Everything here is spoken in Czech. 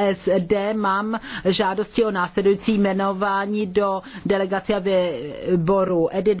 SD mám žádosti o následující jmenování do delegace a výboru. Edit